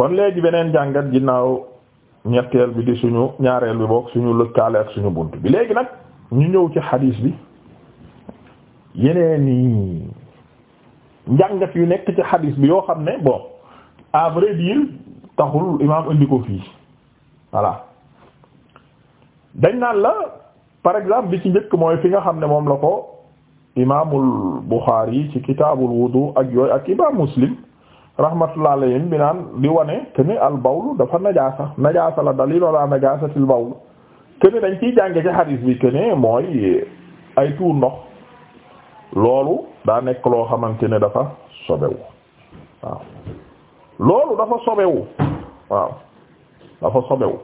kon léegi beneen jàngat ginnaaw ñetteel bi di suñu ñaareel bi boog suñu lëkkaale ak suñu bunt bi léegi nag ñu ñëw ci xadiis bi yeneen yi njàngat yu nekk ci xadiis bi yoo xam ne bon à vrai dire taxul imaam indi ko fii voilà dañ naan la par exemple bi ci njëkk mooy fi nga xam ne moom la ko imaamul Buxaari ci kitaabul wudu ak yooyu ak imaam Muslim rahmatullah alayhim bi naan di wane que ne al bawlu dafa najaasa najaasa la dalil ala najaasatil bawlu que dañ ciy jànge ci hadith bi que mooy ay tuur ndox loolu daa nekk loo xamante ne dafa sobewu waaw loolu dafa sobewu waaw dafa sobewu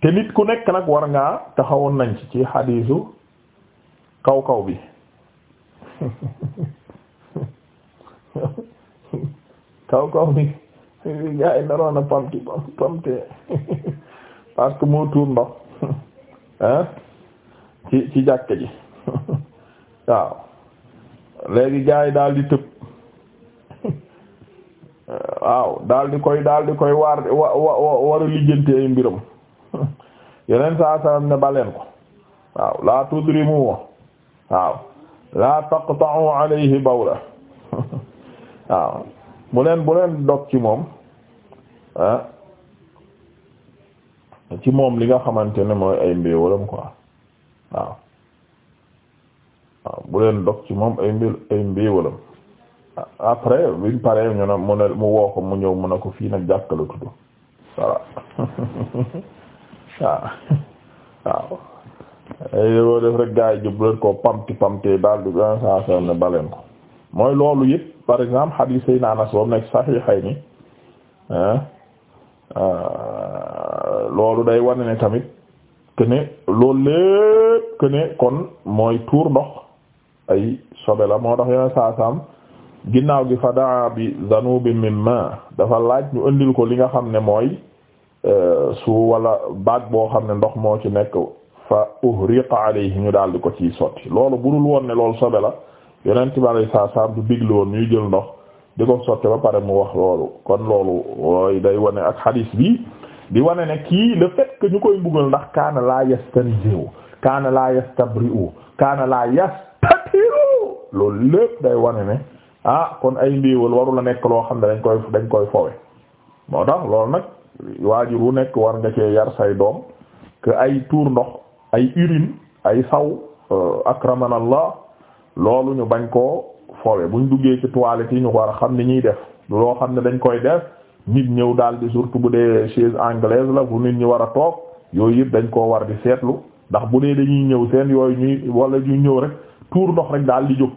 te nit ku nekk nag war ngaa taxawoon nañ ci ci hadithu kaw kaw bi kaw kaw bi gaa yi naroon a pamti pamte moo tuur ndox ci ci jàkk ji waaw léegi gaa yi daal di tëb waaw daal koy daldi koy waar wa wa war a lijjanti ay mbiram yeneen saa saa ne baleen ko waaw laa tudrimu waaw laa taqta'u alayhi bawla waaw mu leen bu leen dog ci moom ah, ci moom li nga xamante ne mooy ay mbéewalam quoi waaw waaw bu leen dog ci moom ay mbi ay mbéewalam après biñ pare mu ne mu woo ko mu ñëw mu ne ko fii nag jàkka la tudd voilà waaw waaw yooyu def rek gaa yi jub leen ko pamti pamtee daal du ah, saa saa ne baleen ko mooy loolu yëpp par exemple hadith sayna Anas boobu nekk Sahihayni ah, ah, loolu day wane ne tamit que ne loolu lépp kon mooy tuur ndox ay sobe la moo tax yeneen saasaam ginnaaw gi fa daa bi zanubin min ma dafa laaj ñu indil ko li nga xam ne mooy eh, su wala baag boo xam ne ndox moo ci nekk fa uhriqa alayhi ñu daal ko ciy sotti loolu budul woon ne loolu sobe la. yonent bi alayhi salaam du digle woon ñuy jël ndox di ko sotte ba pare mu wax loolu kon loolu day wane ak hadis bi di wane ne kii le fait ñu koy mbugal ndax kaana laa yastanziu kaana la yastabriu kaana la yastatiu loolu lépp day wane ne ah kon ay mbiiwal waru la nekk loo xam ne dañ koy dañ koy fowe moo tax loolu nag waajur wu nekk war nga cee yar say doom que ay tuur ndox ay urine ay saw euh, akramanallah loolu ñu bañ koo bu ñu duggee ci toilette yi ñu war a xam ni ñuy def loo xam ne dañ koy def nit ñëw daal di surtout bu dee chaise anglaise la bu nit ñi war a toog yooyu yëpp dañ koo war di seetlu ndax bu dee dañuy ñëw seen yooyu ñuy walla ñuy ñëw rek tuur ndox rek daal di jóg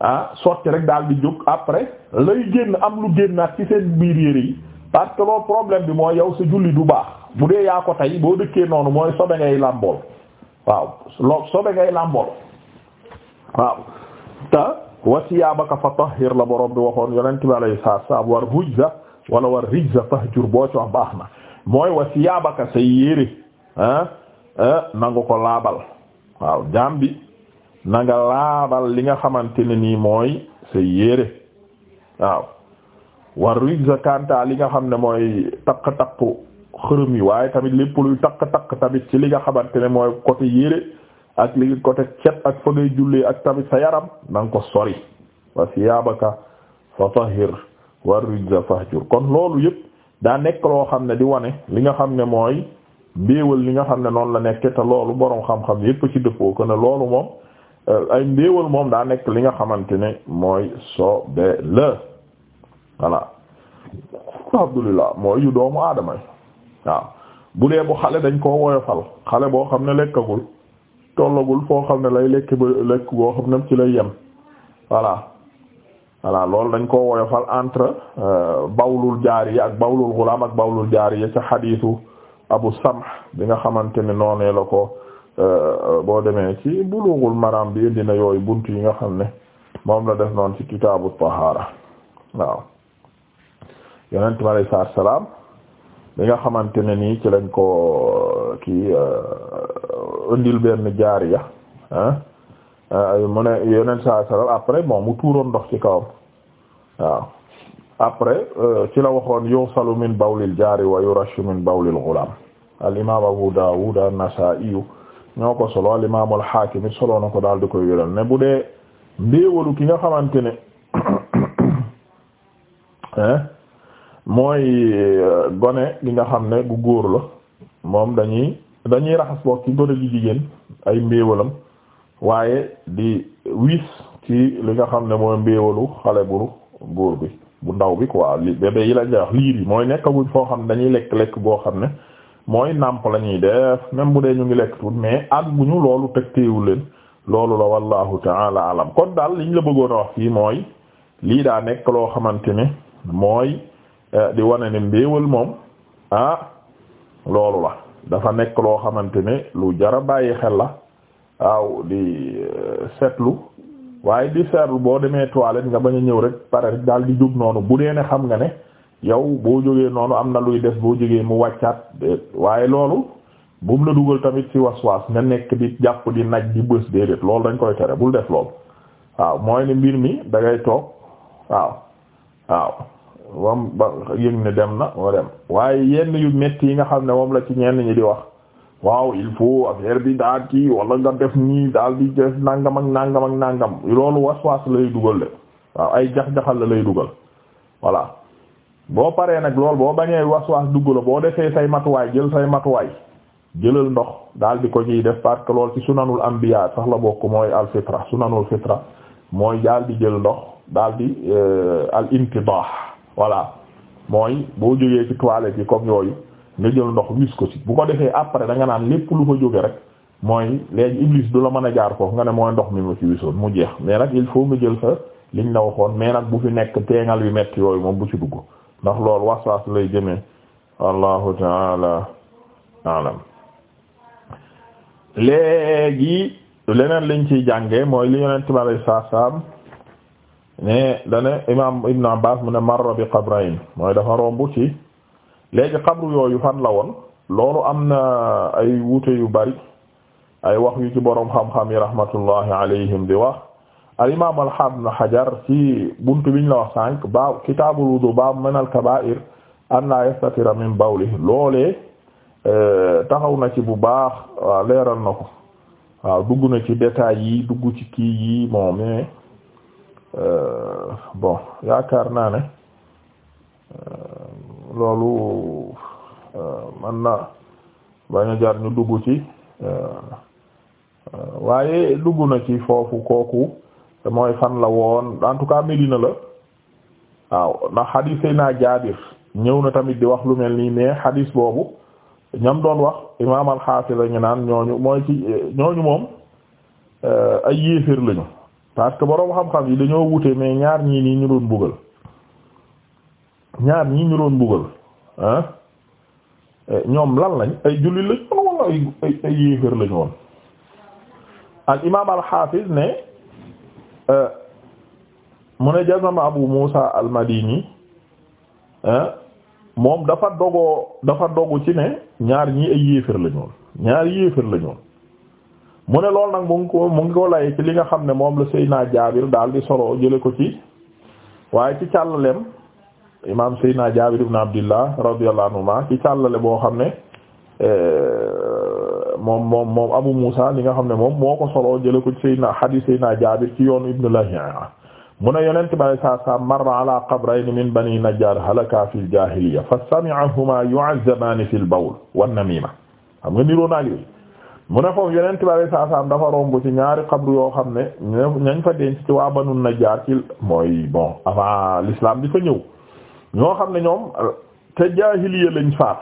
ah sotti rek daal di jóg après lay génn am lu génnaat ci seen biir yére yi parce que loolu problème bi mooy yow sa julli du baax bu dee yaa ko tey boo dëkkee noonu mooy sobe ngay làmbool waaw loo sobe ngay làmbool waaw te wa siyaabaka fa tahhir la borom bi waxoon yonent bi alayhi salaatu salaam war rujza wala war rijza fahjur boo ci wax baax na mooy wa siyaabaka say yére ah, ah nanga ko laabal waaw jaam bi na laabal li nga xamante ne nii mooy say yére waaw war rijza kanta li nga xam ne mooy takk takk xërëm waaye tamit lépp luy takk takk tamit ci li nga xamante ne mooy côté yére ak ligi côté cet ak fa ngay jullee ak tamit sa yaram na ko sori wa siyaabaka fa tahir wa rijza fahjur kon loolu yëpp daa nekk loo xam ne di wane li nga xam ne mooy mbéewal li nga xam ne noonu la nekke te loolu boroom xam-xam yëpp ci dëppoo ko ne loolu moom euh, ay mbéewal moom daa nekk li nga xamante ne mooy sobe la voilà alhamdulillah mooy yu doomu aadama yi waaw bu dee bu xale dañ koo woyofal xale boo xam ne lekkagul tollagul foo xam ne lay lekk ba lekk boo xam ne ci lay yem voilà voilà loolu dañ ko woyofal entre euh, bawlul jaariya ak bawlul gulaam ak bawlul jaariya ca xadiisu abu samh bi nga xamante ne noonee la ko euh, boo demee ci bulughul maram bi dina yooyu bunt yi nga xam ne moom la def noonu ci kitaabu tahaara waaw yonent mi alayhi salaam bi nga xamante ne ni ci lañ ko euh, kii indil benn jaariya ah, ah mu ne yeneen saa sallam après moom mu tuuroon ndox ci kawam waaw après euh, ci la waxoon yusalu min bawlil jaari wa yurashu min bawlil ghulam al imam Abu Dawud an-Nasa'i ñoo ko solo al imam al na ko daal di koy wéral ne bu dee mbéewalu ki nga xamante ne mooy euh, gone ki nga xam ne gu góor la moom dañuy dañuy raxas boog ci gone gi jigéen ay mbéewalam waaye di wiis ci li nga xam ne mooy mbéewalu xale bu góor bi bu ndaw bi quoi li bébé yi lañ wax liir yi mooy nekkaguñ foo xam ne dañuy lekk-lekk goo xam ne mooy nàmp la ñuy def même bu dee ñu ngi lekk tuut mais ak bu ñu loolu teg teewul leen loolu la wallahu taala kon daal liñ la bëggoon a wax fii mooy lii daa nekk loo xamante ne mooy eh, di wane ne mbéewal moom ah loolu la dafa nekk loo xamante ne lu jara bàyyi xel la waaw di euh, seetlu waaye di seetlu boo demee toilette nga ba a ñëw rek pare rek daal di jóg noonu bu dee ne xam nga ne yow boo jógee noonu am na luy des boo jógee mu wàccaat waaye loolu bumu la dugal tamit ci waswaas nga nekk di jàpp di naj di bës déedéet loolu dañ koy tere bul def loolu waaw mooy ne mbir mi da ngay toog waaw waaw moom ba yëg ne dem na moo dem waaye yenn yu metti yi nga xam ne moom la ci ñenn ñi di wax waaw il faut affaire bi daal kii walla nga def nii daal di def nangam ak nàngam ak nangam loolu waswas lay dugal de waaw ay jax-jaxal la lay dugal voilà boo paree nag lool boo bañee waswas dugg la boo defee say matuwaay jël say matuwaay jëlal ndox daal di ko ciy def parce lool ci sunanul anbiya sax la bokk mooy al fitra sunanul fitra mooy daal di jël ndox daal di euh, al intidah voilà mooy boo jógee ci toilette yi comme yooyu nga jël ndox wis ko ci bu ko defee après da nga naan lépp lu ko jógee rek mooy léegi iblis du la mën a jaar foofu nga ne mooy ndox mi ma ci wisoon mu jeex mais nag il faut nga jël sa liñ la waxoon mais nag bu fi nekk teengal yu metti yooyu moom bu ci dugg ndax loolu waswaas lay jëmee wallahu taala alam léegi leneen liñ ciy jànge mooy li yonent bi alay saa saam ne dane imam ibn abbas mu ne marra bi qabrayn mooy dafa romb ci léegi qabru yooyu fan la woon loolu am na ay wuute yu bari ay wax yu ci boroom xam-xam yi rahmatullahi alayhim di wax al imam alhabn hajar ci buntu biñ la wax sànq baa kitaabul wudu baa min al kaba'ir an la yastatira min bawli loolee taxaw na ci bu baax leeral na ko waaw dugg na ci détails yi dugg ci kii yi Euh, bon yaakaar naa ne euh, loolu euh, man na bañ jar ñu dugg ci waaye dugg na ci foofu kooku mooy fan la woon en tout cas Medina la waaw ndax xadiis yi naa Jaabir ñëw na tamit di wax lu mel nii mais xadiis boobu ñam doon wax imaam al-Hafiz la ñu naan ñooñu mooy ci ñooñu moom ay yéeféer lañu parce que boroom xam-xam yi dañoo wute mais ñaar ñii nii ñu buggal ñaar ñii ñu doon buggal ah eh, ñoom lan lañ ay jullit lañ woon ay yéeféer lañ woon al imaam al xaafiz ne eh, mu ne jazama abu muusa al madini eh, moom dafa dogoo dafa dogu ci ne ñaar ñii ay yéeféer lañ ñaar yéeféer lañ mu ne loolu nag mu ngi lay ci li nga xam ne moom la Seydina Jaabir daal di solo jële ko ci waaye ci càllalem imaam Seydina Jaabir ibn Abdillah radiyallahu ma ci càllale boo xam ne eh, moom moom moom Abu Muusa li nga xam ne moom moo ko o jële ko ci Seydina hadiis Seydina Jaabir ci yoonu Ibnu Lahiya mu ne yonent bi alayhi salaatu salaam marra ala qabrayni min bani Najjaar halaka fil jaahiliyya fa sami'ahumaa yu'azzabaani fil bawl wan namiima am nga niroo naa mu ne foofu yeneen tibaabee saasaam dafa romb ci ñaari xabru yoo xam ne ñañ fa denc ci waa Banu Najjaar ci mooy bon avant l'islam di fa ñëw ñoo xam ne ñoom te jaahiliya lañ faat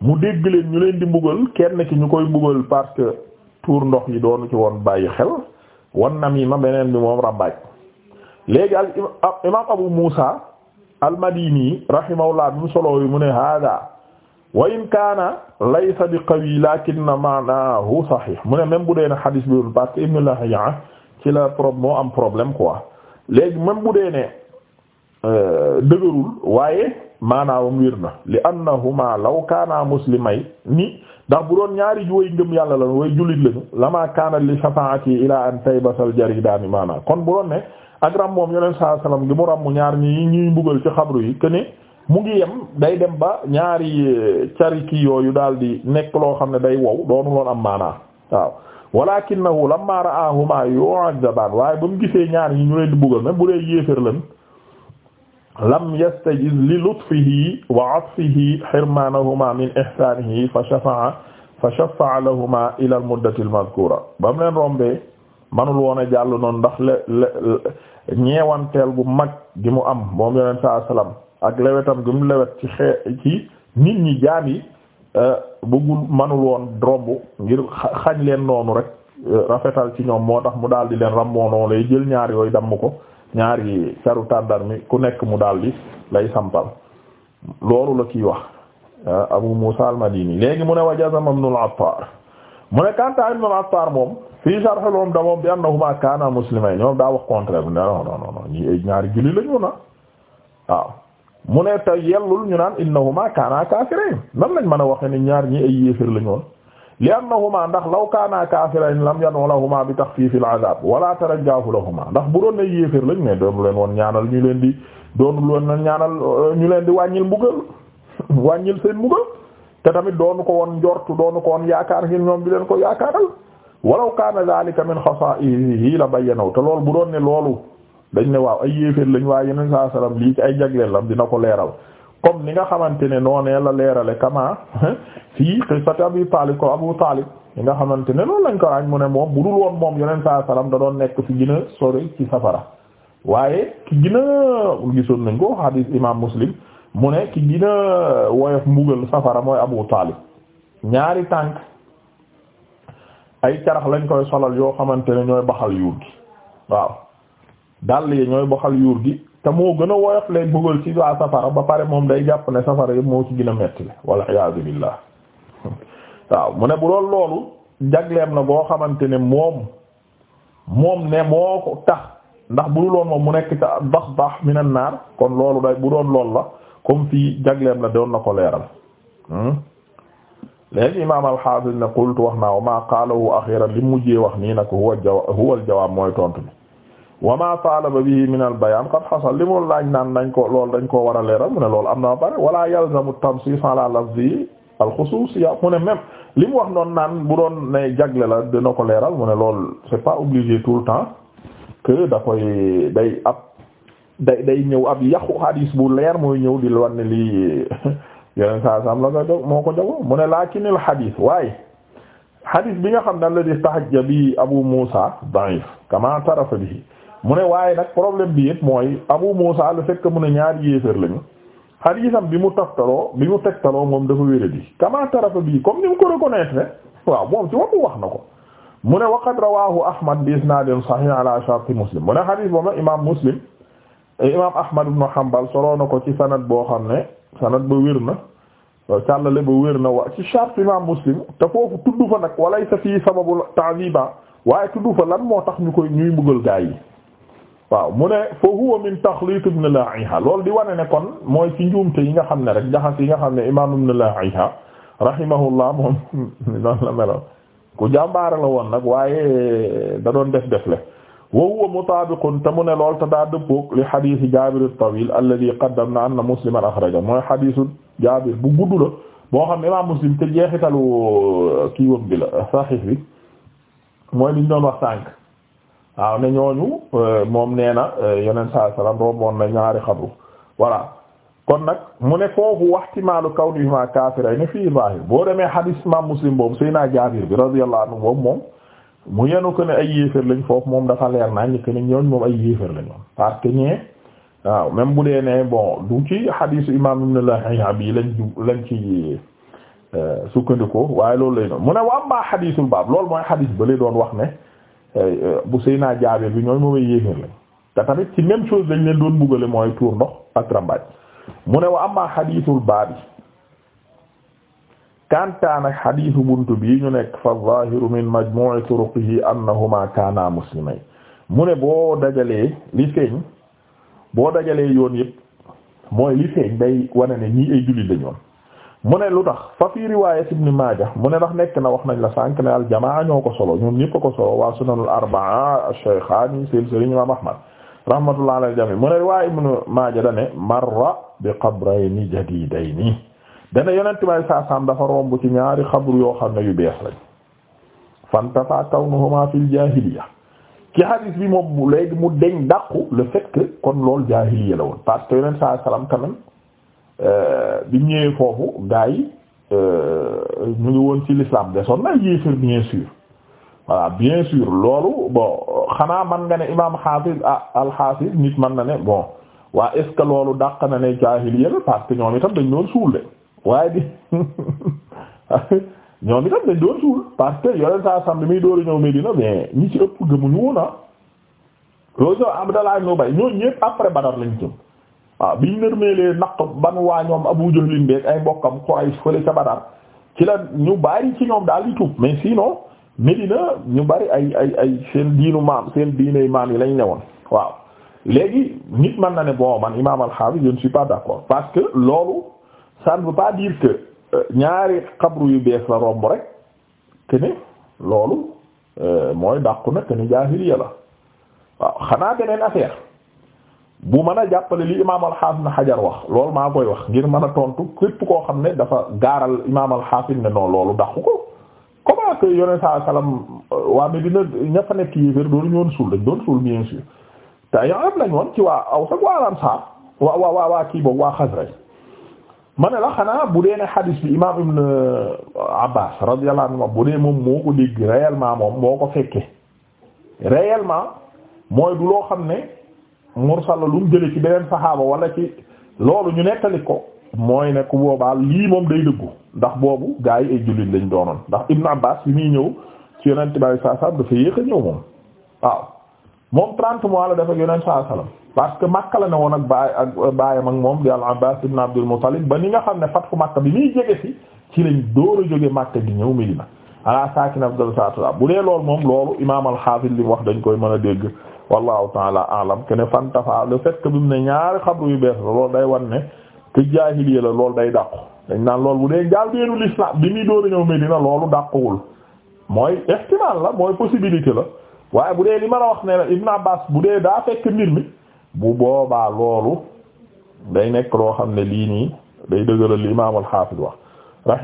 mu dégg leen ñu leen di mbugal kenn ki ñu koy mbugal parce que tuur ndox yi doonu ci woon bàyyi xel wan ma beneen bi moom ràmbaaj léegi al imaam Abu Muusa al Madini rahimahullah bi mu solo yi mu ne hada wa in kaana laysa bi qawi lakinna maanahu sahih mu ne même bu dee ne xadis bi wul parce que Ibn Lahiya ci la problème moo am problème quoi léegi même bu dee ne euh, dëgërul waaye maanaawam wér na li annahuma law kaana muslimay ni ndax bu doon ñaari way ngëm yàlla la way jullit lañu lama kaana li shafaati ila an taybasal jaridaani maanaa kon bu doon ne ak ram moom yoneen saa salaam gi mu ràmm ñaar ñi ñuy mbugal ci xabru yi que mu ngi yem day dem ba ñaari eh, cari kii yooyu daal di nekk loo xam ne day wow doonu loon am maanaa waaw walakinahu lamma ra'ahuma yu'adzaban waaye ba mu gisee ñaar yi ñu leen di buggal même bu dee yéefér lan lam yastajiz li lutfihi wa atfihi hirmanahuma min ihsanihi fa shafa'a lahuma ila al muddati ba mu leen rombee manul woon a jàll noonu ndax le le ñeewanteel bu mag gi mu am moom yoneen sa sallam ak lewetam gu mu lewet ci xee ci nit ñi jaam yi euh, bëggul manul woon romb ngir xañ leen noonu rek euh, rafetal ci ñoom moo tax mu daal di leen rammoo noonu lay jël ñaar yooyu damm ko ñaari caru tàndar ku nekk mu daal di lay sampal loolu la kiy wax euh, Abu Musa al-Madini léegi mu ne wa jazama nu al-Attar mu ne kanta Ibn al-Attar moom fii Sharh al-Umda moom bi annahuma kaana muslimayn ñoom daa wax contraire bi non non non ñii ay ñaari julli mu ne te yellul ñu naan innahuma kaana kaafirayn nan lañ mën a waxe ni ñaar ñi ay yéefér lañu woon li annahuma ndax law kaana kaafirayn lam yanu lahuma bi taxfiifil azaab wala tarajjaahu lahuma ndax bu doon ay yéefér lañ mais doonu leen woon ñaanal ñu leen di doonu leen ñaanal euh, ñu leen di wàññil mbugal wàññil seen mbugal te tamit doonu ko woon njortu doonu ko woon yaakaar ngir ñoom bi leen ko yaakaaral walaw kaana zaalika min xasaa'ihi la bayyanaw te loolu bu doon loolu dañ ne waaw ay yéeféer lañu waaye yeneen saa salaam lii ci ay jagleel lam dina ko leeral comme ni nga xamante ne noonee la leerale kama fii qissat Abi Talib ko Abu Talib li nga xamante ne loolu lañ ko raañ mu ne moom bu dul woon moom yeneen saa salaam da doon nekk ci gën a sori ci safara waaye ki gën gisoon nañ ko hadith imam Muslim mu ne ki gën a woyof mbugal safara mooy Abu Talib ñaari tànk ay carax lañ koy solal yoo xamante ne ñooy baxa yuur dàll yi ñooy boxal yuur gi te moo gën a woyof lay bëggal ci waa safara ba pare moom day jàpp ne safara yëpp moo ci gën a metti la walla iyaazu billaah waaw mu ne bu doon loolu jagleem la boo xamante ne moom moom ne moo ko tax ndax bu dul woon moom mu nekk ca bax mu minan naar kon loolu day bu doon lool la comme fii jagleem la doon na ko leeral hmm? léegi imaam al-Hafiz ne qultu wax naa wa maa qaalahu axiran li mujjee wax nii nag huwa huwa al-jawaab mooy tontu bi wa ma talaba bihi min al bayan qad xasal li mu laaj naan ko lool dañ ko war a leeral mu ne loolu am na ba pare wala yalzamu tansis ala lafzi al xususiya mu ne même li mu wax noonu naan bu doon ne jagle la dina ko leeral mu ne loolu c'est pas obligé tout le temps que da koy day ab day day ñëw ab yàqu hadis bu leer mooy ñëw di wan ne lii yeneen saa sam la ko moo ko jago mu ne lakinil hadis waaye hadis bi nga xam ne la di tahajja bi Abu Musa da'if kama mu ne waaye nag problème bi yëpp mooy Abu Muusa le fait que mu ne ñaari yéeféer lañu xadiisam bi mu taftaloo bi mu tegtaloo moom dafa wéradi kama tarafa bii comme ni mu ko reconnaître waaw moom ci waxu wax na ko mu ne waqad rawahu Ahmad bi isnaadin sahih ala sharti Muslim mu ne xadiis boobu nag imaam Muslim eh, imaam Ahmad ibn Hanbal soloo na ko ci sanad boo xam ne sanad ba wér na càllale ba wér na wa ci sharti imaam Muslim te foofu tudd fa nag walaysa fii sababul ta'ziba waaye tudd fa lan moo tax ñu koy ñuy mbugal gaa yi waaw mu ne fa huwa min taxlit ibn loolu di wane ne kon mooy ci njuumte yi nga xam ne rek jaxas yi nga xam ne imam ibn La'iha rahimahullah moom noonu la meloon ku jàmbaare la woon nag waaye da def def le wa huwa mutaabiqun te mu ne lool te daa dëppoog li xadiisi Jaabir at-Tawiil alladhi na anna Musliman axraja mooy xadiisu Jaabir bu gudd la boo xam ne imam Muslim te jeexitalu uh, kii wam bi la saxiix bi mooy wax sànq waaw ne ñooñu euh, moom nee na euh, yeneen saa salaam romboon na ñaari xabru voilà kon nag mu ne foofu waxtimaalu kawnihima kaafirayni fii yi boo demee hadis imam muslim boobu Seydina Jaabir bi radiyallahu anhu boobu moom mu yenu ko ne ay yéefér lañ foofu moom dafa leer naa ñi que ne ñooñ moom ay yéefér lañ moom parce que ñee waaw même bu dee ne bon du ci hadisu imam ibn la bi lañ lañ ci euh, sukkandiku waaye loolu lay noonu mu ne wa amma hadisul baab loolu mooy hadis ba li doon wax ne bu Seyna Jaabir bi ñooy moomay yéeféer lañ te tamit ci même chose lañ leen doon buggale mooy tuur ndox ak rambaaj mu ne wa amma xadiisul baabi kantaan ak xadiisu bunt bi ñu nekk fa zahiru min majmu'i turuqihi annahuma kaana muslimayn mu ne boo dajalee li feeñ boo dajalee yoon yëpp mooy li feeñ day wane ne ñii ay jullit lañoon mu ne lu tax fa fi riwaayat ibn Maaja mu ne ndax nekk na wax nañ la sànq ne al jamaa ñoo ko solo ñun ñëpp ko solo waa sunanul arbaa ash-shaykhaani seen sëriñ imaam Ahmad rahmatullah ala al-jamii mu ne riwaaya ibn Maaja da ne marra bi qabrayni jadiidayni dana yonent may saasaam dafa romb ci ñaari xabru yoo xam ne yu beex lañ fantafa kawnuhumaa fil jaahiliya ci hadis bi moom léegi kon loolu jaahiliya la woon parce que saa salaam quand Euh, bi ñëwee foofu gaa yi euh, ñu ngi woon ci l'islam desoon na yéefir bien sûr voilà bien sûr loolu bon xanaa man nga ne imaam xaafis ah alxaafis nit man na ne bon waa est ce que loolu daq na ne jaahiliya parce que ñoom itam dañ doon suul de waaye di ñoom itam dañ doon suul parce que yore saa sam bi muy dóoru ñëw Medina mais ñi ci ëpp gëmuñu woon ah loolu soo Abdallah ibn Ubay ñooñu ñëpp après Badar lañ jëm. waaw biñ nërmeelee naq ban waa ñoom Abu Jahlin beek ay mbokkam Quraysh fële ca Badar ci la ñu bari ci ñoom daal di tuub mais sinon Medina ñu bari ay ay ay seen diinu maam seen diiney maam yi lañ newoon waaw léegi nit mën na ne bon man imaam al-Hafiz je ne suis pas d'accord parce que loolu ça ne veut pas dire que euh, ñaari xabru yu bees la romb rek que loolu euh, mooy dàqu na que ne la waaw xanaa beneen affaire. bu man a jàppale li imaam al-Hafiz Ibn Hajar wax loolu maa koy wax ngir mën a tontu képp koo xam ne dafa gaaral imaam al-Hafiz ne non loolu daxu ko comment que yoneen saa salaam waa Medina ña fa nekk yi fër ñoon suul dañ doon suul bien sûr te ay am lañ woon ci waa aw sax waa Ansaar waa waa waa kii boobu waa Xasraj ma ne la xanaa bu dee ne hadis bi imaam Ibn euh, Abbas radiyallahu bu dee moom moo ko dégg réellement moom mooy du loo xam ne. mursal la lu mu jële ci beneen saxaaba wala ci loolu ñu nettali ko mooy ne ku boobaa lii moom day dëggu ndax boobu gaa yi ay jullit lañ doonoon ndax Ibn Abbas bi muy ñëw si yonent bi saa salaam dafa yéex a ñëw moom waaw moom 30 mois la dafa yonent saa salaam parce que Makka la ne woon ak baay ak baayam ak moom di al-Abbas ibn Abdul Muttalib ba ni nga xam ne fatxu Makka bi muy jege si ci lañ door a jóge Makka di ñëw Medina ala sakin afdal salaatu bu wax dañ koy mën a dégg. wallahu taala alam que ne fan tafa le fait bi mu ne ñaari xabru yu bees la loolu day wan ne te jaahiliya la lool day dàqu dañ naan lool bu dee jaal beenu l'islam bi muy dóoru ñëw Medina loolu dàquwul mooy ihtimal la mooy possibilité la waaye bu dee li ma la wax ne la Ibn Abbas bu dee daa fekk mbir mi bu boobaa loolu day nekk loo xam ne lii nii day dëgëral li imaam al-Hafiz wax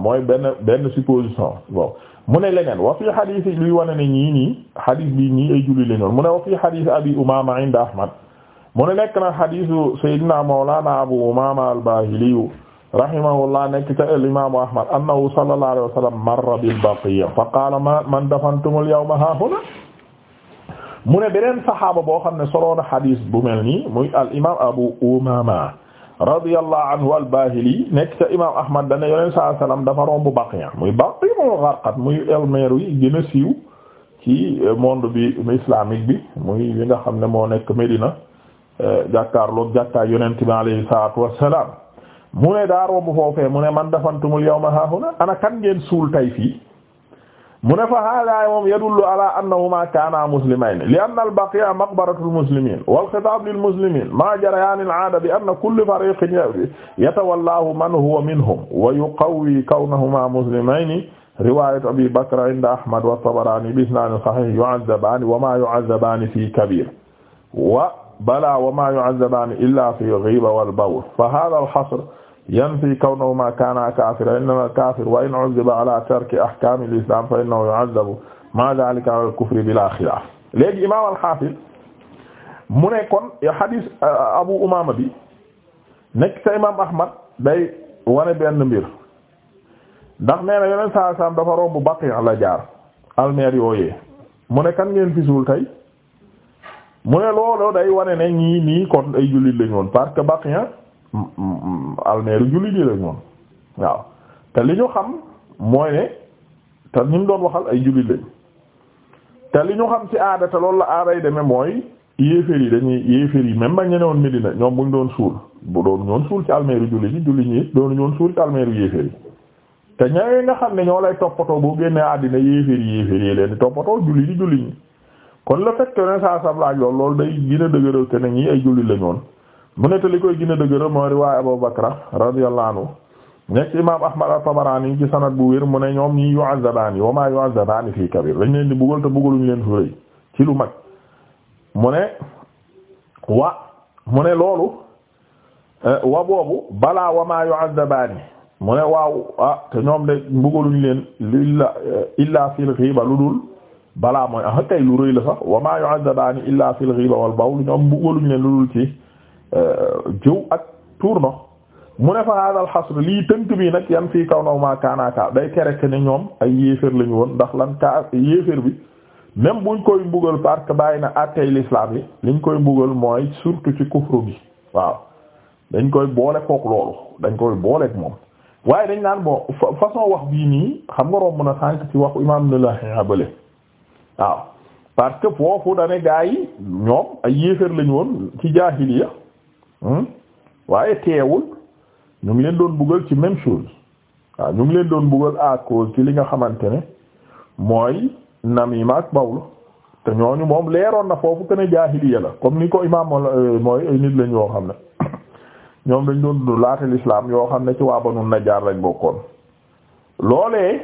mooy benn benn supposition bon mu ne leneen wa fii hadith luy wane ne ñii nii hadith bi ñii ay julli lañu mu ne wa fii hadith abi umama inda ahmad mu ne nekk na hadithu sayyidina mawlana abu umama al-bahili rahimahullah nekk ca al imamu ahmad annahu sallallahu alayhi wa sallam marra bil baqiya fa qaala ma man dafantumul yawma hahuna mu ne beneen saxaaba boo xam ne soloona hadith bu mel nii muy al imam abu umama radiyallahu anhu al-Bahili nekk ca imaam Ahmad dana yoneen saa salaam dafa romb Baqiya muy Baqiya mu Gharqat muy elmer yi gën a siiw ci monde bi islamique bi muy li nga xam ne moo nekk Medina eh, jàkkaarloog jàkkaay yonent bi alayhi salaatu wassalaam mu ne daa romb foofee mu ne man dafantumul yawma haahuna ana kan ngeen suul tay fii. mu ne fa hada moom yadullu ala annahuma kaana muslimayn li anna al-baqiya maqbaratu al-muslimin wal khitaab lil muslimin ma jarayaan al-aada bi anna kulla fariqin yatawallahu man huwa minhum wa yuqawwi kawnahuma muslimayni riwaayatu abi bakr inda ahmad wa tabarani bi isnaadin sahih yu'azzabani wa ma yu'azzabani fi kabir wa bala wa ma yu'azzabani illa fi ghiba wal bawl fa hada al-hasr yanfi kawnahumaa kaana kaafiran innamaa kaafir wa in uzziba ala tarki ahkaami l fa innahu yu'azzabu maa zaalika ala al-kufri bilaa xilaaf léegi imaam al-haafiz mu ne kon hadis uh, Abu Umaama bi nekk sa imaam Ahmad day wane benn mbir ndax nee na yeneen saa dafa romb Baqi' la jaar almeer yooyee mu ne kan ngeen fi suul tey mu ne looloo day wane ne ñii nii kon ay jullit lañu woon parce que almeeru julli ñi lañ woon waaw te li ñu xam mooy ne te ñu doon waxal ay julli lañ te li ñu xam ci aada te loolu la aaday demee mooy yéeféer yi dañuy yéeféer yi même ba ñu ne woon Medina ñoom bu ñu doon suul bu doon ñoon suul ci almeeru julli ji julli ñi doon ñoon suul ci almeeru yéeféer yi te ñooy nga xam ne ñoo lay toppatoo boo génnee àddina yéeféer yi yéeféer yi leen toppatoo julli ji julli ñi kon la fait que ne saa sablaaj loolu day gën a dëgëral que ne ñi ay julli mu ne te li koy gën a dëgëral mooy riwaay Abu Bakra radiyallahu anhu nekk imaam Ahmad at-Tabarani ci sanad bu wér mu ne ñoom ñi yu'azzabaani wa maa yu'azzabaani fii kabir dañ leen di buggal te buggaluñ leen fu rëy ci lu mag mu ne wa mu ne loolu eh, wa boobu balaa wa maa yu'azzabaani mu ne waaw ah te ñoom de buggaluñ leen illa eh, illa fil ghiba lu dul balaa mooy ah kay lu rëy la sax wa maa yu'azzabaani illa fil ghiba wal bawl lu jiw ak tuur ndox mu ne fa hadal xasr lii tënk bii nag yan fii kaw naw maa kaanaaka day tere que ñoom ay yéeféer lañu woon ndax lan kaa yéeféer bi même buñ koy mbugal parce bàyyi na àttey l'islam yi liñ koy mbugal mooy surtout ci kufru bi waaw dañ koy boole kook loolu dañ koy booleek moom waaye dañ naan bon façon wax bii nii xam nga romb na sànq ci waxu imam ne la xabale waaw parce que foofu dane gaa yi ñoom ay yéeféer lañu woon ci jaahiliya Hmm? waaye teewul ñu ngi leen doon buggal ci même chose waaw ñu ngi leen doon buggal à ci li nga xamante ne mooy namima ak bawlu te ñooñu moom leeroon na foofu kenn jaahiliya la comme ni ko imaam euh, mooy ay nit lañ yoo xam ne ñoom dañ doon dund laata l'islam yoo xam ne ci waa Banu Najjaar lañ bokkoon loolee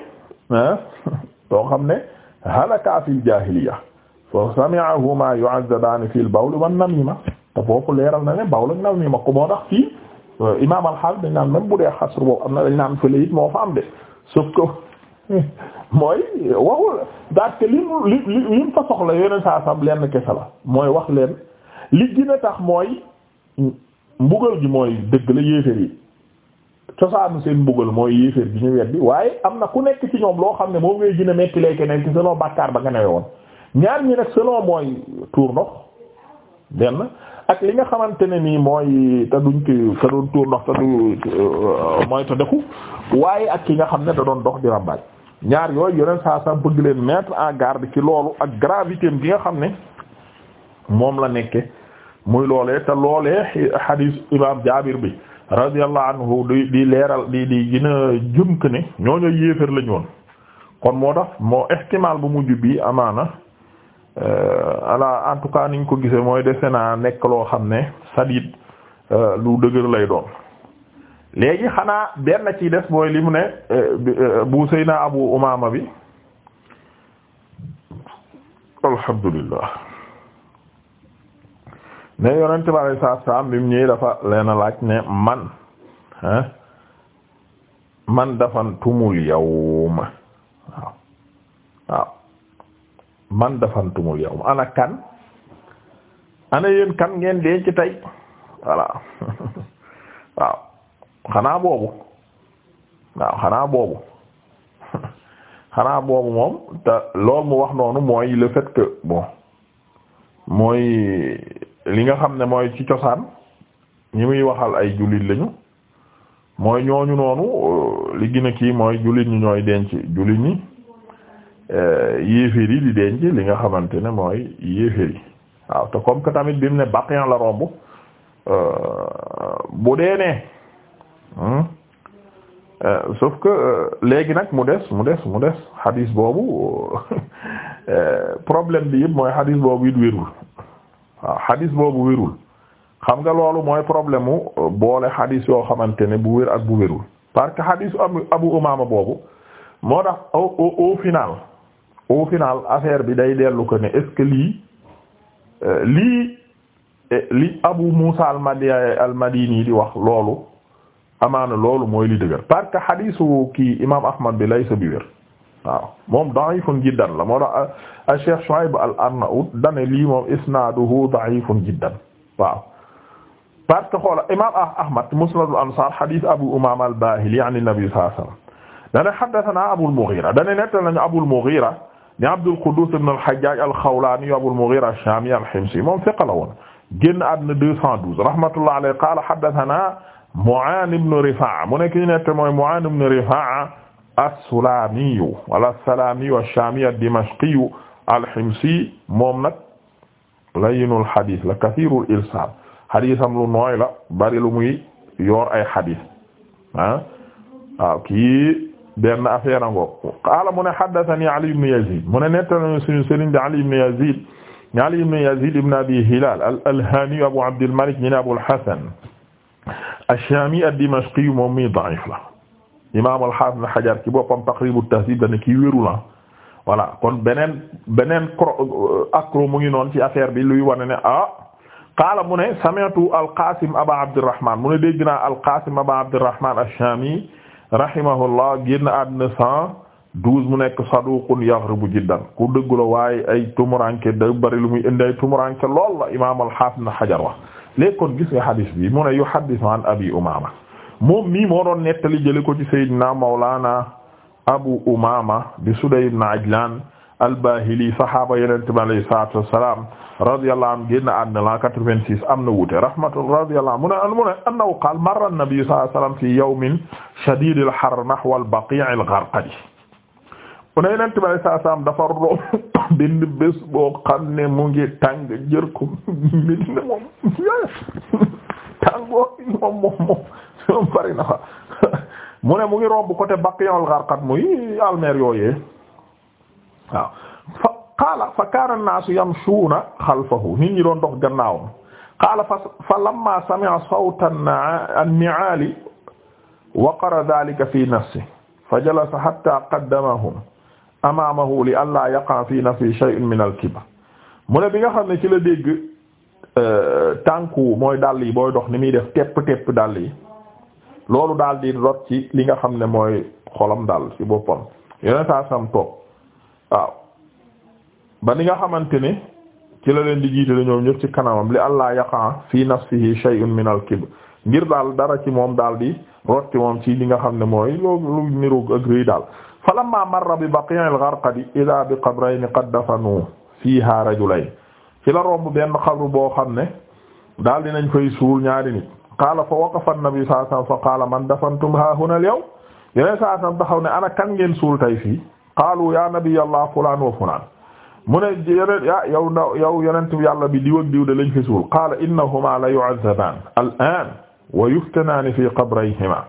yoo xam ne halaka fil jaahiliya fa sami'ahuma yu'azzabaani fil bawl wan namima te foofu leeral na ne bawul ak ndaw nii ma ko moo tax fii euh, imaam alxaal dañ naan même bu dee xasr boobu am na dañ naan fële it moo fa am de sauf que mooy waxul daal que lim lim mooy wax leen li a tax mooy mbugal gi mooy dëgg la yéeféer yi cosaanu seen mbugal mooy yéeféer bi waaye am na ku nekk ci ñoom loo xam ne moom ngay gën a metti lay keneen ba nga newee woon ñaar ñi nag selon mooy tuur ndox benn ak li nga xamante ne nii mooy te duñ ci te doon tuur ndox te du euh, mooy te deku waaye ak ki nga xam ne da doon dox di rambaaj ñaar yooyu yeneen saa saa bëgg leen mettre en garde ci loolu ak gravité am gi nga xam ne moom la nekke muy loole te loolee hadith imam Jaabir bi radiyallahu anhu di di leeral di di gën a jëm que ne ñooñu yéefar lañu kon moo tax moo ihtimal bu mujj bi amaana. Euh, ala en tout cas niñ ko gisee mooy dese naa nekk loo xam ne sadid euh, lu dëgër lay doon léegi xanaa benn ci des mooy li mu ne euh, bu Seyna Abu Umaama bi alhamdulillah ne yonent bi alei saatu salaam bi mu ñëwee dafa leen a laaj ne man ah man dafan tumul yawma waaw waaw man dafantumul yawm ana kan ana yéen kan ngeen denc tey voilà waaw xanaa boobu waaw xanaa boobu xanaa boobu moom te loolu mu wax noonu mooy le fait que mooy li nga xam ne mooy ci cosaan ñi muy waxal ay jullit lañu mooy ñooñu noonu euh, li gën kii mooy jullit ñi ñooy denc jullit ñi Euh, yéeféer yi di denc li nga xamante ne mooy yéeféer yi waaw te comme que tamit bi mu ne Baqiya la romb euh, bu dee ne hmm, euh, sauf que léegi nag mu des mu des mu des xadiis boobu problème bi yëpp mooy xadiis boobu it wérul waaw xadiis boobu wérul xam nga loolu mooy problème mu boole xadiis yoo xamante ne bu wér ak bu wérul parce que xadiis abu Umaama boobu moo tax au au au au final affaire bi day dellu ko ne est-ce que lii euh, lii eh, li Abu Musa al-Madi al-Madini di wax loolu amaana loolu mooy li dëgër parce que xadiisu kii imaam Ahmad bi laysa bi wér waaw moom da'ifun jiddan la moo tax a euh, Cheikh Shu'ayb al-Arnaout dane lii moom isnaaduhu da'ifun jiddan waaw parce que xoola imaam ah-, Ahmad musnadul ansaar xadiis Abu Umaama al-Baahili an an-Nabi sallallahu alayhi wa sallam dane haddathanaa Abul Mughira dane nettal nañu Abul Mughira ni Abdul Quddus ibn al-Hajjaj al-Khawlani Abul Mughira ash-Shami al-Himsi moom fiqa la woon génn àdduna 212 rahmatullah alayhi qala haddathana Mu'an ibn Rifa'a mu nekk ñu nette mooy Mu'an ibn Rifa'a as-Sulami wala as-Salami ash-Shami ad-Dimashqi al-Himsi moom nag layyinul hadith la kathirul irsal haditham lu nooy la bari lu muy yor ay hadith ah waaw kii benn affaire ango qaala mu ne haddathani Ali ibn Yazid mu ne nettali suñu sëriñ di Ali ibn Yazid Ali ibn Yazid ibn Abi Hilal al-Alhani Abu Abdul Malik ñi ne Abul Hasan ash-Shami ad-Dimashqi moom mi da'if la Imam al-Hafiz Ibn Hajar ci boppam Taqrib at-Tahdhib dana kii wéru la voilà kon beneen beneen cro euh, accro mu ngi noonu ci affaire bi luy wane ne ah qaala mu ne sami'tu al-Qasim Aba Abdurrahman mu ne dégg naa al-Qasim Aba Abdurrahman ash-Shami rahimahullah génn àdduna cent douze mu nekk saduqun yaghribu jiddan ku dëggu la waaye ay tumuranke da bari lu muy indi ay tumuranke lool la imaam al-Hafiz na Hajar wax léegi kon gis nga hadis bi mu ne yuhaddithu an Abi Umama moom mii moo doon nettali jële ko ci Seydina Mawlana Abu Umama di Suday ibn Ajlan al-Bahili sahaaba Yonent bi alayhi salaatu wa salaam radiyallahu anhu génn àddina am na wuute rahmatu radiyallahu mu ne mu ne annahu qaala marra an-nabiyyu mu ne Yonent bi alayhi salaatu wa salaam dafa mu ngi tàng jër mu ne mu ngi romb côté Baqii'il Gharqad muy almer yooyee waaw fa qaala fa kaana an-naasu yamshuuna xalfahu nit ñi doon dox gannaawam qaala fa lamma sami'a sawta an-ni'aali waqara dhaalika fii nafsihi fa jalasa hattaa qaddamahum amaamahu li allaa yaqa fii nafsihi shay'un min al-kibr mu ne bi nga xam ne ci la dégg euh, tànku mooy dàll yi booy dox ni muy def tepp tepp dàll yi loolu daal di rot ci li nga xam ne mooy xolam daal ci boppam yeneen saa sam toog waaw ba ni nga xamante ne ci la leen di la ñoom ñëpp ci kanamam li allah yaqa fi nafsihi shay'un min al kibr ngir daal dara ci moom daal di rotti moom ci li nga xam ne mooy loolu lu niroog ak rëy daal falamma marra bi baqi'il gharqadi ila bi qabrayni qad dafanu fiha rajulayn ci la romb benn xabru boo xam ne daal dinañ fay suul ñaari nit qaala fa waqafa an-nabi sallallahu alayhi qaala man dafantum ha huna al-yawm yeneen saa taxaw ne ana kan ngeen suul fii qaalu ya nabiyallah fulaan wa fulaan mu ne yeneen ah yow ndaw yow yonent yàlla bi diw ak diw de lañ fi suul qaala innahuma la yu'azzabaan al'aan wa yuftanaani fi qabrayhima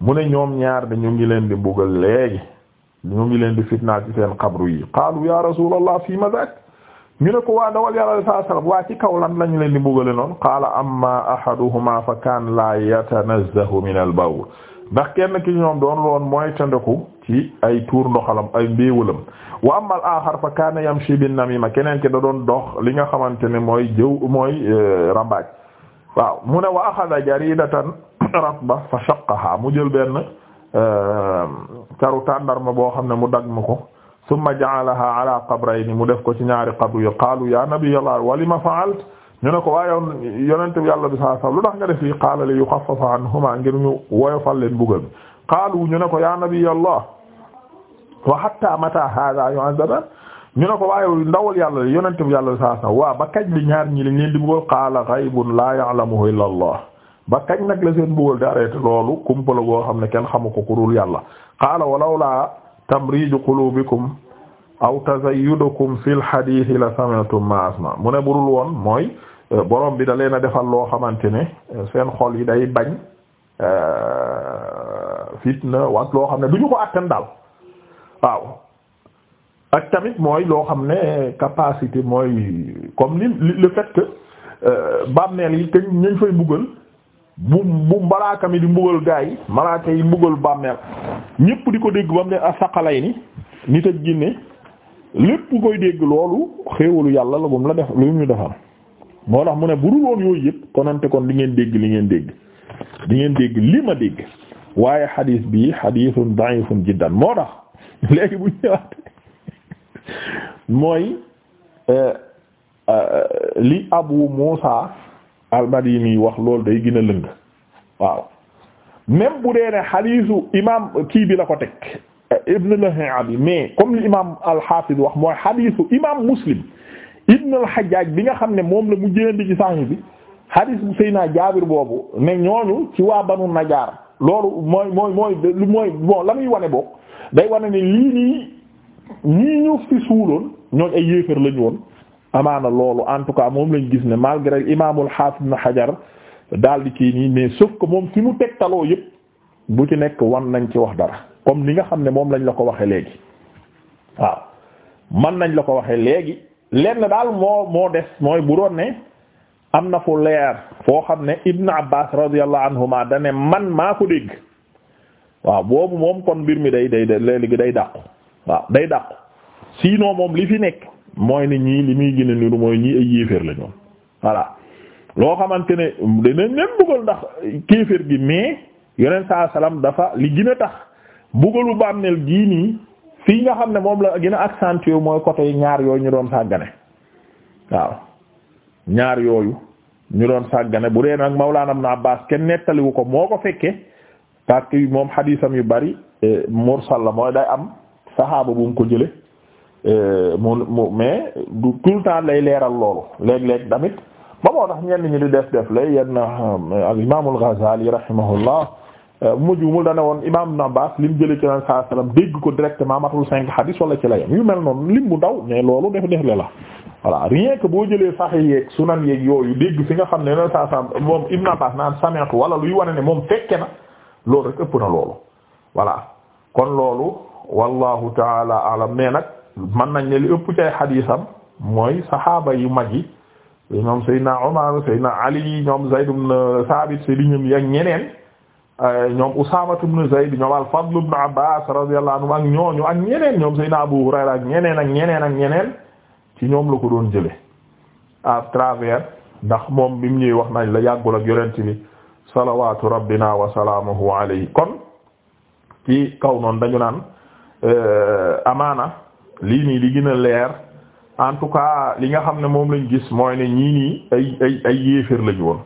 mu ne ñoom ñaar de ñu ngi leen di mbugal léegi ñu ngi leen di fitnaal ci seen qabru yi qaalu ya rasuulallah fii ma zaak ñu ne ko waa dawal yàlla saa sallam waa ci kaw lan lañ leen di mbugale noonu qaala amma ahaduhuma fa kaana la yatanazzahu min al-bawl ndax kenn ki ñoom doon loon mooy tëndeku ci ay tuur ndoxalam ay mbéewalam wa amal aaxar fa kaana yamshi bin namima keneen ki doon dox li nga xamante ne mooy jëw mooy eh, rambaaj waaw mu ne wa axada jaridatan ratba fa shaqaha mu jël benn eh, caru tàndarma boo xam ne mu dag ma ko summa ja'alaha ala qabrayni mu def ko ci ñaari qabru yu qaalu ya nabiyallah walima fa'alt ñu ne ko waaye yonente bi yàlla bi saa saa lu tax nga def yi qaala li yukhaffafa anhuma ngir ñu woyofal leen buggal qaalu ñu ne ko ya nabiyallah wa hatta mata hadha yu'azzaba ñu ne ko waaye ndawal yàlla li yonente bi yàlla bi saa saa li ñaar ñi lañ leen di buggal qaala ghaybun la ya'lamuhu illa allah ba kañ nag la seen buggal di arrêté loolu kumpa la xam ne kenn xamu ko ku dul qaala walaw la qulubikum aw tazayyudukum fil hadith la sami'tum ma asma mu ne burul woon mooy euh, borom bi da leen a defal loo xamante ne euh, seen xol yi day bañ euh, fitna wat loo xam ne du ñu ko attan dal waaw ak tamit mooy loo xam ne capacité mooy comme ni le fait que bàmmeel yi te ñu fay mbugal bu bu malaaka mi di mbugal gaa yi malaaka yi mbugal bàmmeel ñépp di ko dégg ba mu ne asaqalay ni nit ak jinne lépp koy dégg loolu xéewalu yàlla la gum la def lu ñu defal moo tax mu ne bu dul woon yooyu yëpp konante kon di ngeen dégg li ngeen dégg li ma dégg waaye xadiis bi xadiisun da'ifun jiddan moo tax léegi bu ñëwaat mooy euh, euh, li Abu Muusa al-Madini wax loolu day gën a lëng waaw même bu dee ne xadiisu imaam kii bi la ko teg ibn Lahi'abi mais comme li imaam al-Hafiz wax mooy xadisu imaam Muslim ibn al-Hajjaj bi nga xam ne moom la mu jëndi ci Sahih bi xadis bu Seyna Jaabir boobu ne ñooñu ci waa Banu Najjaar loolu mooy mooy mooy mooy bon la muy wane boog day wane ne lii nii ñii ñu fi suuloon ñooñ ay yéefar lañu woon amaana loolu en tout cas moom lañ gis ne malgré imaamul Hafiz na Hajar daal di kii nii mais sauf que moom fi mu tegtaloo yëpp bu ci nekk wan nañ ci wax dara. comme ni nga xam ne moom lañu la ko waxee léegi waaw man nañ la ko waxee léegi lenn daal moo moo des mooy bu doon ne am na fu leer foo xam ne Ibn Abbas radiyallahu anhuma da man maa ko dégg waaw boobu moom kon mbir mi day day léegi day dàqu waaw day dàqu sinon moom li fi nekk mooy ne ñii li muy gën a niru mooy ñii ay yéeféer la ñoom voilà loo xamante ne dinañ leen bëggal ndax kéeféer gi mais yeneen saa salaam dafa li gën tax mbugalu bàmmeel gii nii fii nga xam ne moom la gina a accentué mooy côté ñaar yooyu ñu doon sàggane waaw ñaar yooyu ñu doon sàggane bu dee nag Mawlana naa Abbas kenn nettaliwu ko moo ko fekkee parce que moom xadiisam yu bari eh, mursal la mooy day am saxaaba bu mu ko jële eh, mu mu mais du lay leeral loolu léeg-léeg tamit ba moo tax ñenn ñi di def def lay yenn eh, al imaamul Ghazali rahimahullah Euh, mujjumul dana woon imam Ibn Abbas lim jëlee ci leen saa salaam dégg ko directement matul cinq hadith wala ci la yem yu mel noonu lim bu ndaw mais loolu def def la voilà rien boo jëlee sahih yeeg sunan yeeg yooyu dégg fi nga xam ne leen saa salaam moom Ibn Abbas naan sami'tu wala luy wane ne moom fekke na loolu rek ëpp na loolu voilà kon loolu wallahu taala alam mais nag mën nañ ne li ëpp ci ay mooy saxaaba yu mag yi ñoom Seydina Omar Seydina Ali ñoom Zayd ibn Sabit Seydina Euh, ñoom Usaamatu ibn Zayd ñoom al-Fadl ibn Abbaas radiyallahu anhu ak ñooñu ak ñeneen ñoom Seydina Abu Hurayra ak ñeneen ak ñeneen ak ñeneen ci ñoom la ko doon jële à travers ndax moom bi mu ñuy wax nañ la yàggul ak yonent bi salawaatu rabbina wa salaamuhu alayhi kon ci kaw noonu dañu naan euh, amaana lii nii li gën a leer en tout cas li nga xam ne moom lañu gis mooy ne ñii nii ay ay ay lañu woon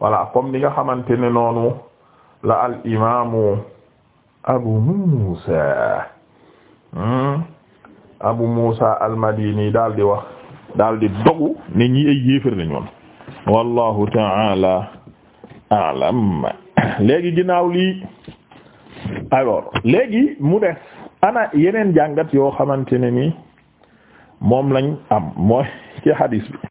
voilà comme li nga xamante ne noonu la al imaamu abu muusa hmm? abu muusa al madini daal di wax daal di dogu ne ñi ay yéefar lañu woon wallahu taala alam léegi ginnaaw lii alors léegi mu def ana yeneen jàngat yoo xamante ne ni moom lañ am mooy ci hadis bi